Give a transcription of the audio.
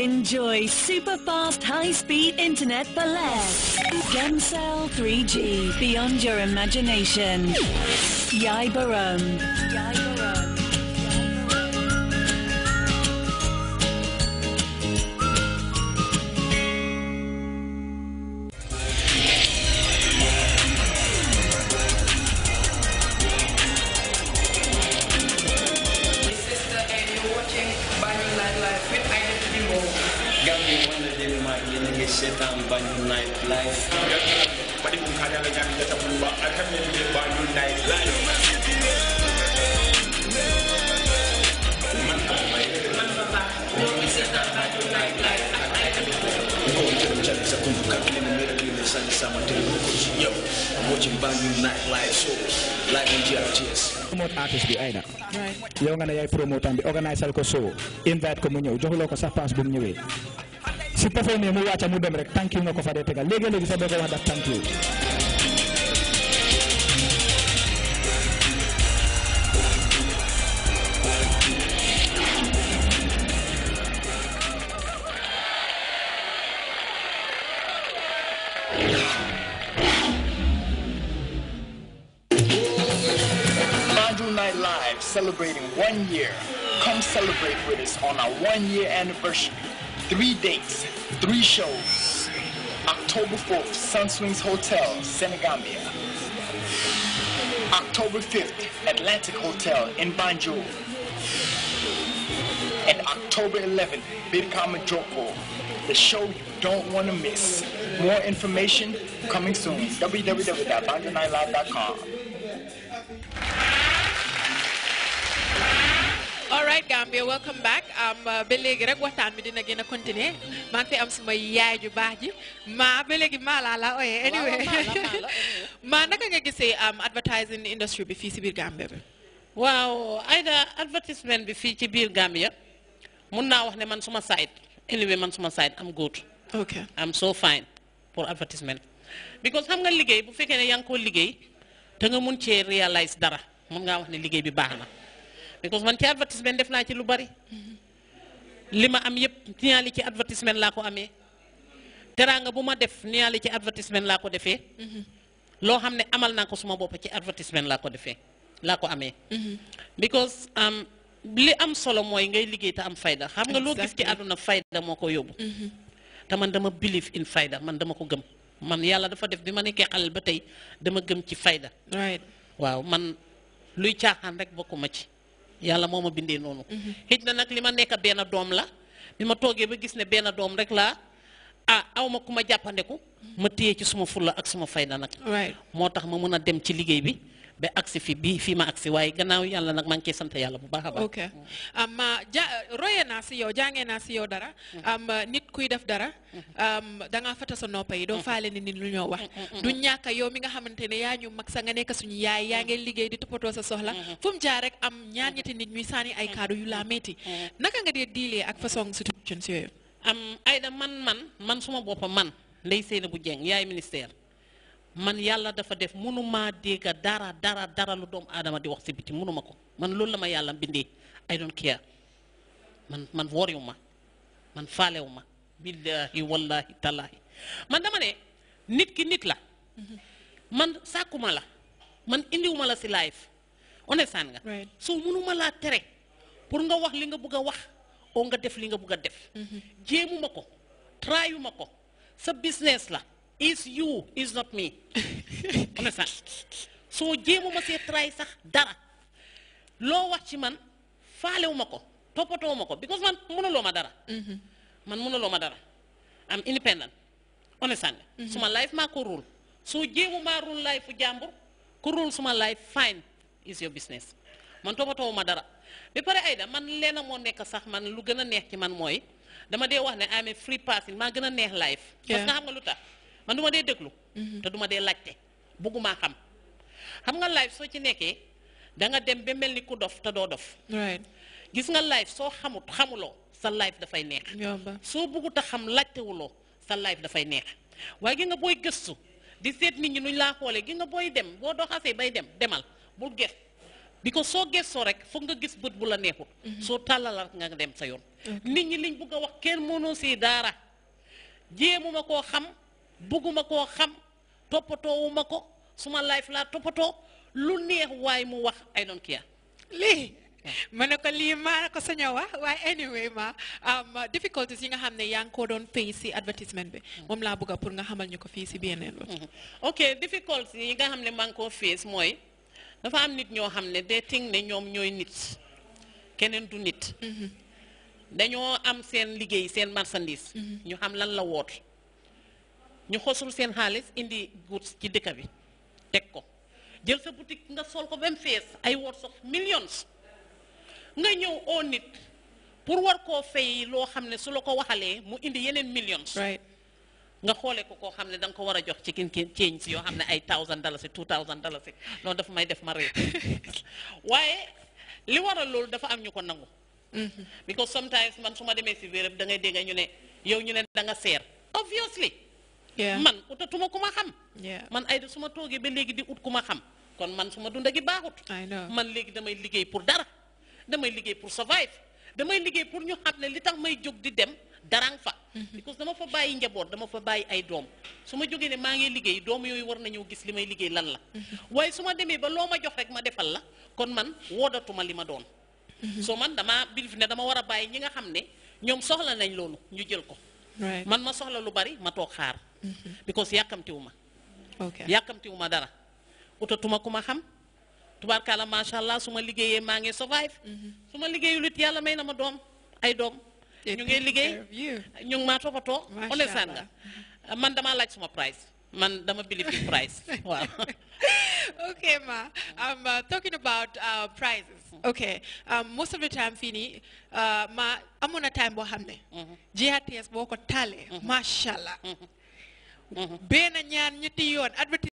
Enjoy super fast high-speed internet for less. Gemcell 3G, beyond your imagination. Yai Barom. seetaan Banjul Night Live. Badi kun kanya la ñam jata bu ba akam ne le Banjul Night Live. Man ak may Night Live sama show live on GRTS. Promote artist bi ay na. nga ne yaay promote tambi organize ko show invite ko mu ñew joxlo ko sax pass bu mu ñewé. su pefee ne mu wàcca mu dem thank you nga ko fa dee tegal léegi léegi thank you celebrating one year. Come celebrate with us on our one year anniversary. Three dates, three shows. October 4th, Sunswings Hotel, Senegambia. October 5th, Atlantic Hotel in Banjul. And October 11th, Bidkama Joko, the show you don't want to miss. More information coming soon. www.banjulnightlive.com. right Gambia welcome back um, uh, rek waxtaan bi dina gën a continuer am suma yaay ju ji maa maa laa la ooyee anyway maa naka nga gisee um, bi fii si biir Gambia bi waaw Aida advertisement bi fii ci biir Gambia mun naa wax ne man suma side anyway man suma side am good okay am so fine pour advertisement because xam nga liggéey bu fekkee ne yaa ngi koo liggéey te nga mun cee réalize dara mun ngaa wax ne liggéey bi baax na because man ci advertisement def naa ci lu bari li ma am yëpp niyaali ci advertisement laa ko amee teraanga bu ma def niyaali ci advertisement laa ko defee loo xam ne amal naa ko suma bopp ci advertisement laa ko defee laa ko amee because um, li am solo mooy ngay liggéey te am fayda xam nga loo gis ci àdduna fayda moo ko yóbbu te man dama believe in fayda man dama ko gëm man yàlla dafa def bi ma nekkee xalal ba tey dama gëm ci fayda waaw man luy caaxaan rek bokkuma ci yàlla moo ma bindee noonu. Mhm. xëj na nag li ma nekk benn doom la bi ma toogee ba gis ne benn doom rek laa ah aw ma ku ma jàppandeku ma téye ci suma fulla ak suma fay na nag. moo tax ma mën a dem ci liggéey bi. ba agsi fi bii fii ma agsi waaye gannaaw yàlla nag maa ngi ciy sant yàlla bu baax a baax. ok am um, uh, ja uh, royee naa si yow jàngee naa si yow dara. am mm-hmm. um, uh, nit kuy def dara. Mm-hmm. Um, da ngaa fata sa noppa yi doo mm-hmm. faale ni lu ñoo wax. ñàkk yow mi nga xamante ne yaa ñu mag sa nga nekk suñu yaay yaa ngeen liggéey di toppatoo sa soxla. fu mu rek am ñaar ñetti nit ñuy sànni ay kaddu yu laa metti naka nga dee diilee ak façon situation yooyu. am ayda man man man suma boppam man ndey seena bu jeng yaay ministère. man yalla dafa def munuma deka, dara dara dara lu dom adama di wax ci biti munuma ko man loolu ma I don't care man man woriuma man falewuma billahi wallahi tallahi man dama ne nit ki nit la man sakuma la man indiwuma la si life understand nga so munuma la tere pour nga wax li nga bëgg wax o nga def li nga def mm-hmm. jéemuma ko traayuma ko sa business la is you is not me understand soo jéemuma see try sax dara loo wax ci man faalewuma ko toppatoowuma ko because man mënuloo ma dara mm-hmm. man mënuloo ma dara am independent understand mm-hmm. suma life maa ko rule soo jéemuma rule life fu jàmbur ku rule suma life fine is your business man toppatoowuma dara ba pare Aida man leena moo nekk sax man lu gën a neex ci man mooy dama dee wax ne amee free passing maa gën a neex life parce que xam nga lu tax man du ma dee déglu. Mhm. te du ma dee laajte bëgguma xam xam nga live soo ci nekkee danga dem ba mel ni ku dof te doo dof. gis nga live soo xamut xamuloo sa live dafay neex. soo bëggut a xam laajtewuloo sa live dafay neex waaye gi nga booy gëstu di seet nit ñi nuñ laa xoolee gi nga booy dem boo doxasee bay dem demal bul gëstu bi ko soo gëstoo rek foog nga gis bët bu la neexut. Mhm. soo tàllala nga dem sa yoon. nit ñi liñ bëgg a wax kenn mënoo si daara jéemuma xam. bëgguma koo xam toppatoowuma ko suma life laa toppatoo lu neex waaye mu wax I don't care lii ma ne ko lii maa ko sañ a wax waaye anyway ma difficulties yi nga xam ne yaa ngi ko doon fay si advertisement bi mm-hmm. moom laa bëgg pour nga xamal ñu ko fii si BNN mm-hmm. ok difficulties yi nga xam ne maa ngi koo face mooy dafa am nit ñoo xam ne day ting ne ñoom ñooy nit keneen du nit mm-hmm. dañoo am seen liggéey seen marchandise ñu xam lan la woot ñu xosul seen xaalis indi goods ci dëkk bi teg ko jël sa boutique nga sol ko ba mu fees ay worth of millions nga ñëw oo nit pour war koo fay loo xam ne su la ko waxalee mu indi yeneen millions. nga xoolee ko koo xam ne da nga ko war a jox ci kin change yoo xam ne ay thousand dalasi two thousand dalasi loolu dafa may def ma réer waaye li waral loolu dafa am ñu ko nangu. Mm-hmm. because sometimes man su ma demee si wéréb da ngay dégg ñu ne yow ñu ne da nga seer obviously. man utatuma ku ma xam man ay da su ma toogee ba léegi di ut ku ma xam kon man su ma dunda gi baaxut man léegi damay liggéey pour dara damay liggéey pour survive damay liggéey pour ñu xam ne li tax may jóg di dem darang fa mm-hmm. because dama fa bàyyi njaboot dama fa bàyyi ay doom su ma jógee ne maa ngi liggéey doom yooyu war nañoo gis li may liggéey lan la mm-hmm. waaye su ma demee ba loo ma jox rek ma defal la kon man woodatuma li ma doon mm-hmm. so man dama bilif ne dama war a bàyyi ñi nga xam ne ñoom soxla nañ loolu ñu jël ko man ma soxla lu bari ma toog xaar mm-hmm. because yàkkamtiwu ma yàkkamtiwu ma dara utatuma ku ma xam tubaarkaala macha allah su ma liggéeyee maa ngi survive mm-hmm. su ma liggéeyul it yàlla may na ma doom ay doom ñu ngi liggéey ñu ngi maa toppatoo understand nga mm-hmm. man damaa laaj suma price man dama believe in price waaw okay ma I'm uh, talking about uh, prices Mm-hmm. ok um, most of the time fii nii uh, ma amoon na time boo xam ne. Mm-hmm. GRTS boo ko tale macha allah. benn ñaar ñetti yoon.